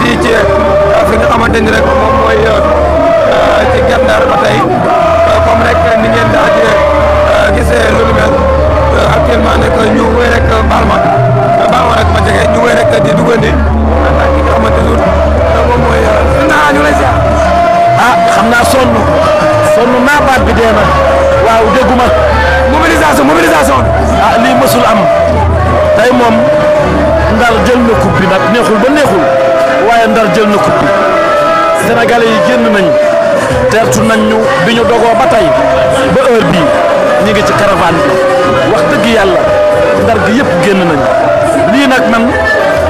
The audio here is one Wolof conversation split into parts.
fii ci fi nga xamante ni rek moom mooy euh, ci ba tey euh, comme rek ni ngeen daal di euh, gisee lu ni mel ñu wéy rek baal ma rek ma jege ñu wéy rek di duggandi ak ah, ki nga xamante ni moom mooy naa ñu lay ziar. xam naa sonn sonn naa baat bi dee na waaw dégguma mobilisation mobilisation ah, lii mësul am tey moom. ndar jël na coupe bi nag neexul ba neexul waaye ndar jël na coupe bi yi génn nañu teertu nañ ñu bi ñu dogoo ba tey ba heure bii ñu ngi ci caravane bi wax dëgg yàlla ndar gi yépp génn nañ lii nag man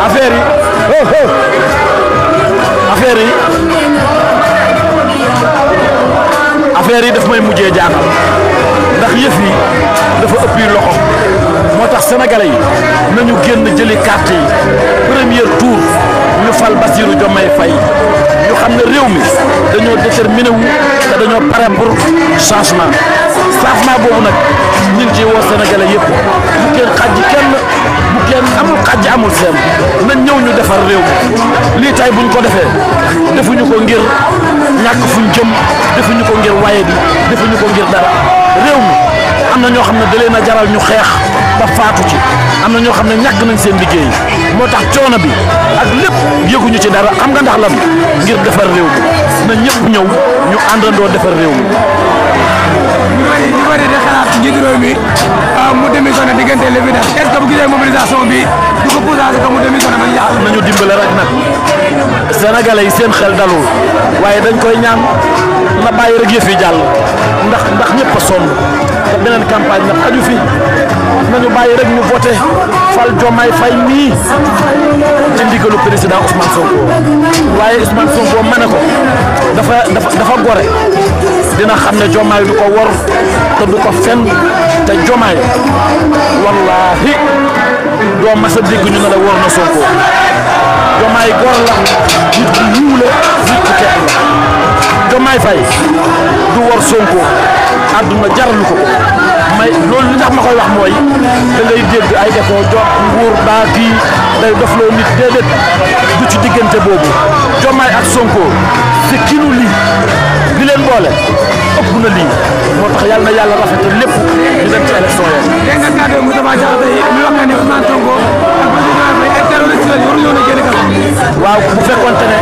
affaire yi oh oh yi affaire yi daf may mujjee jaaxal ndax yëf yi dafa ëppi loxo. moo tax sénégalais yi nañu génn jëli carte yi premier tour ñu fal Bassirou Diomaye Faye ñu xam ne réew mi dañoo déterminé wu te dañoo pare pour changement changement boobu nag ñu ngi ciy woo sénégalais yëpp bu kenn xaj kenn bu kenn amul xaj amul seen nañ ñëw ñu defar réew mi lii tay buñ ko defee defuñu ko ngir ñàkk fuñ jëm defuñu ko ngir waaye bi defuñu ko ngir dara réew mi am na ñoo xam ne da leen jaral ñu xeex ba faatu ci am na ñoo xam ne ñàkk nañ seen liggéey moo tax coono bi ak lépp yëguñu ci dara xam nga ndax lan ngir defar réew mi na ñëpp ñëw ñu àndandoo defar réew mi. ñu bëri ñu bëri de xalaat njiitu réew mi ah, mu démissionné diggante le village est-ce que bu gisee mobilisation bi du ko poussé que mu démissionné ba yàqu. nañu dimbale rek nag sénégalais yi seen xel dalul waaye dañ koy ñaan na bàyyi rek yëf yi jàll ndax ndax ñëpp a sonn te beneen campagne nag aju fi. nañu bàyyi rek ñu voté fal Diomaye Faye nii ci ndigalu président Ousmane Sonko waaye Ousmane Sonko mën na ko dafa dafa dafa gore dina xam ne Diomaye du ko wor te du ko fen te Diomaye wallahi doo ma a dégg ñu ne la wor na Sonko Diomaye góor la nit ku yiw nit ku teg la Diomaye du wor Sonko àdduna jaralu ko ko may loolu li tax ma koy wax mooy da ngay dégg ay defoo jot nguur baa kii day dofloo nit déedéet du ci diggante boobu Diomaye ak Sonko te ki lii leen boole ëpp na lii moo tax yàlla na yàlla rafetal lépp ñu dem ci élection yi ñëw na génn kanam waaw bu fekkonte ne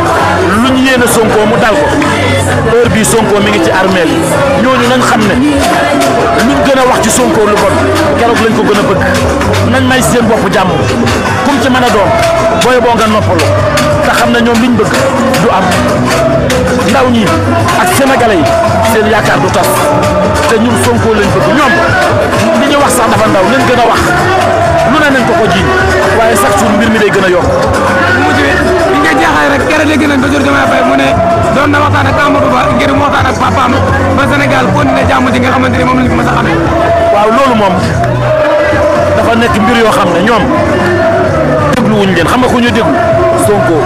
lu ñu yéene Sonko mu dal ko heure bii Sonko mi ngi ci armeel bi ñooñu nañ xam ne luñ gën a wax ci Sonko lu bon keroog lañ ko gën a may seen bopp jàmm kum ci mën a doon booy boo nga noppalu te xam ne ñoom liñ bëgg du am ndaw ñi ak sénégalais yi seen yaakaar du tas te ñun Sonko lañ bëgg ñoom li ñu wax sax dafa ndaw a wax lu ne nañ ko ko ji waaye chaque jour mbir mi day gën a yokk nga jeexal rek keroog dégg nañ ba jur Diomaye Faye mu ne doon na waxtaan ak Amadou Ba ngir mu waxtaan ak papaam ji nga xamante moom lañ fi mës a amee waaw loolu moom dafa nekk mbir yoo xam ne ñoom dégluwuñ leen xam nga ku ñu déglu Sonko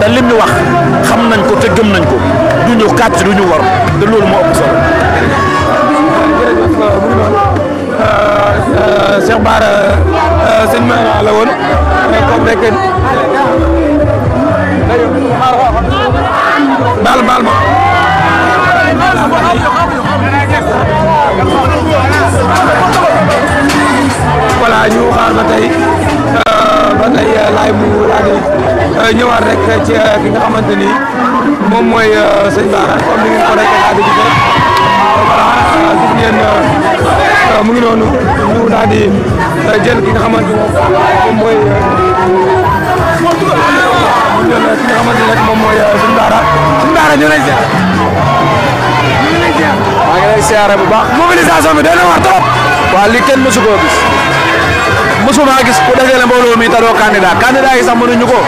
te lim ñu wax xam nañ ko te gëm nañ ko du ñu kàcc du ñu war te loolu moo ëpp solo. Cheikh Bara sëñ Mara la woon baal baal ma ñëwaat rek ci euh, ki nga xamante ni moom mooy euh, sëñ Bara comme ni ngeen ko rek daal di gis rek gis ngeen euh, mu ngi noonu ñu daal di jël ki nga xamante ni moom mooy jël ki nga xamante ni rek moom mooy sëñ Bara sëñ Bara ñu lay ziar ñu lay ziar maa ngi lay ziare bu baax mobilisation bi day na war trop waa li kenn mësu koo gis mësu maa gis ku dajale mbooloo mi ta doo candidat candidat yi sax mënuñu ko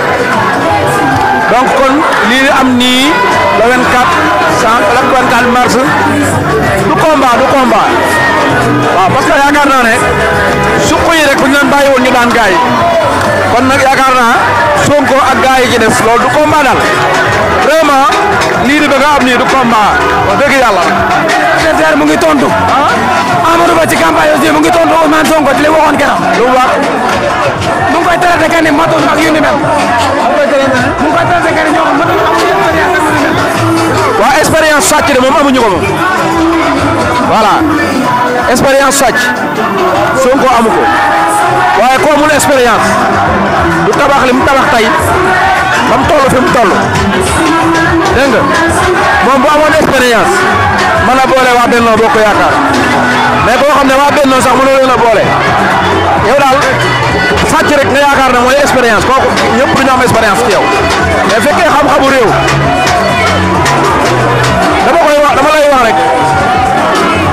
donc kon lii am nii le 24 cent le 24 mars du combat du combat waaw parce que yaakaar naa ne suq yi rek bu ñu leen bàyyi woon daan gaay kon nag yaakaar naa Sonko ak gaay yi loolu du combat daal vraiment. lii di bëgg a am nii du combat wax dëgg yàlla. mu ngi tontu. Ah? Amadou Ba ci campagne aussi mu ngi tontu Ousmane Sonko ci li waxoon keroog. lu wax. mu ngi koy traité que ne matul ak ni mel. mu ngi koy de moom amuñu ko moom. voilà expérience sàcc Sonko amu ko. waaye ko amul du tabax li mu tabax tey ba mu toll fi mu toll. dégg nga moom bu amoon expérience mën a boole waa Bennoo Bokk Yaakaar mais boo xam ne waa Bennoo sax mënoo leen a boole yow daal sàcc rek nga yaakaar ne mooy expérience kooku ñëpp du ñu am expérience ci yow mais fekkee xam-xamu réew dama koy wax dama lay rek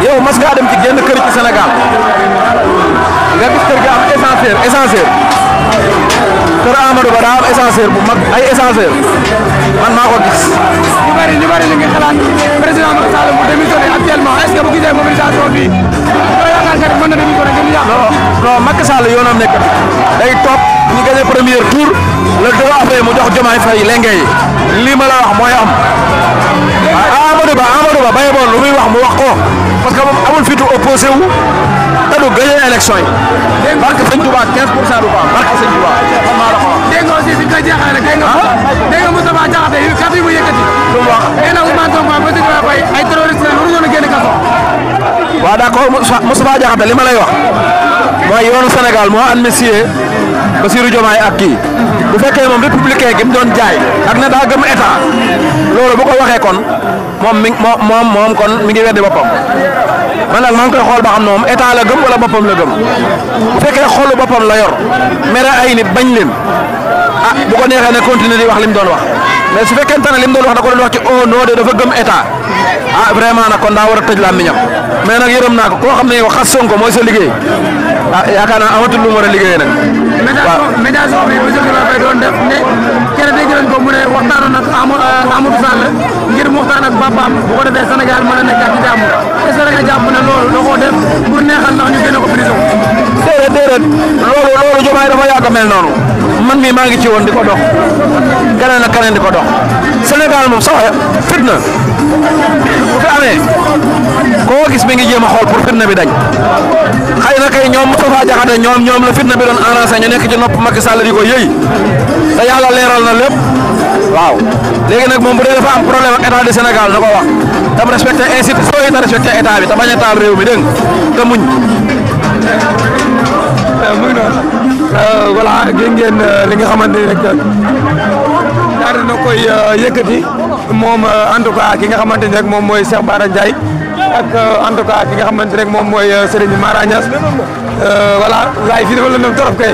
yow mas ngaa dem ci genn kër ci Sénégal nga gis kër gi am essenceer essenceer kër Amadou am essenceer bu mag ay essenceer. man maa ko gis. ñu bëri ñu bëri ñu ngi xalaat président Macky Sall mu démissionné actuellement est-ce que bi nga yaakaar ne mën na démissionné gën yàq. non non yoonam nekk day toog ñu gagné premier tour le devant après mu jox Diomaye Faye lenge yi lii ma la wax mooy am. Amadou Ba Amadou Ba bàyyi boon lu muy wax mu wax ko parce que moom amul opposé wu. Modou gagné élection yi. dégg nga barke sëñ Touba 15 pour cent du ko am barke sëñ Touba man ah? maa la ko na Ousmane ba si dina bay a génn li ma lay wax mooy yoonu Sénégal moo amnistié Bassirou Diomaye ak kii bu fekkee moom républicain gi mu doon jaay ak na daa gëm état loolu bu ko waxee kon moom mi moom moom kon mi ngi weddi boppam man nag maa ngi koy xool ba xam ne moom état la gëm wala boppam la gëm bu fekkee xoolu boppam la yor mere ay nit bañ leen ah bu ko neexee ne continuer di wax li doon wax mais su fekkente ne li doon wax da ko doon wax ci au nom de dafa gëm état a ah, vraiment nag kon daa war a tëj làmmiñam mais nag yërëm naa ko koo xam ne yow xas Sonko mooy sa liggéey a ah, yaakaar naa amatul lu mu war a liggéeyee nag. mu waxtaan ak papaam bu ko defee Sénégal mën a nekkaat ci jàmm na ce que da nga ne loolu da koo def pour neexal ndax ñu génne ko prison. déedéet déedéet loolu loolu Diomaye dafa yàgg mel noonu man mii maa ngi ci woon di ko dox keneen ak keneen di ko dox Sénégal moom sax fitna bu koo gis mi ngi jéem a xool pour fitna bi dañ xëy na kay ñoom Moustapha Diakhaté ñoom ñoom la fitna bi doon arrangé ñu nekk ci nopp Macky Sall di ko yëy te yàlla leeral na lépp. waaw léegi nag moom bu dee dafa am problème ak état du Sénégal na ko wax tam respecté institution yi te respecté état bi te bañ a taal réew mi dégg nga te muñ. Euh, mu ngi noonu euh, euh, li nga xamante ni rek daal na koy yëkkati moom en tout ki nga xamante ni rek moom mooy Cheikh Bara Ndiaye. ak euh, en tout cas ki nga xamante rek moom mooy euh, Serigne Mara Niass euh, voilà gars yi fii dafa lëndëm torop kay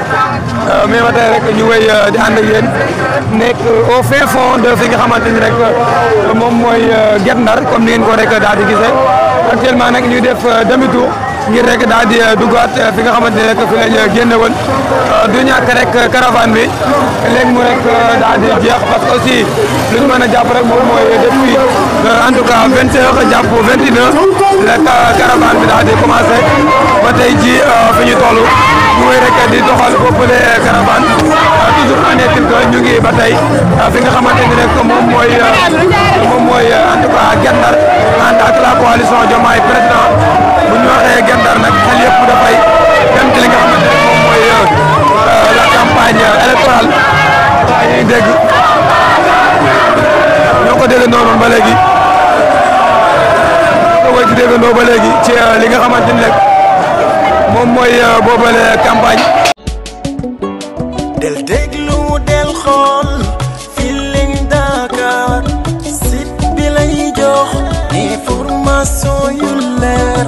mais ba tey rek ñu wéy di ànd ak yéen nekk au fin fond de fi nga xamante rek moom mooy Guet Ndar comme ni ngeen ko rek daal di gisee actuellement nag def demi ngir rek daal eh, duggaat eh, fi nga xamante ne rek fi lañ eh, génne euh, du ñàkk rek caravane bi léegi mu rek euh, daal di jeex parce que aussi lu ñu mën a jàpp rek moom mooy depuis euh, en tout cas vingt heures jàpp vingt une heures la caravane bi daal di commencé ba tey ji fi ñu toll mu wéy rek di doxal boppale caravane toujours en est-il ñu ngi ba tey fi nga xamante ne rek moom mooy moom mooy en tout ak la coalition Diomaye président bu ñu waxee Guet-Ndar nag xel yëpp ci li nga xamante mooy euh, euh, la campagne électorale yaa ngi dégg ñoo ko déggandoo noonu ba léegi ñoo euh, mooy boobale campagne. del déglu del xool Feeling Dakar site bi jox information yu leer.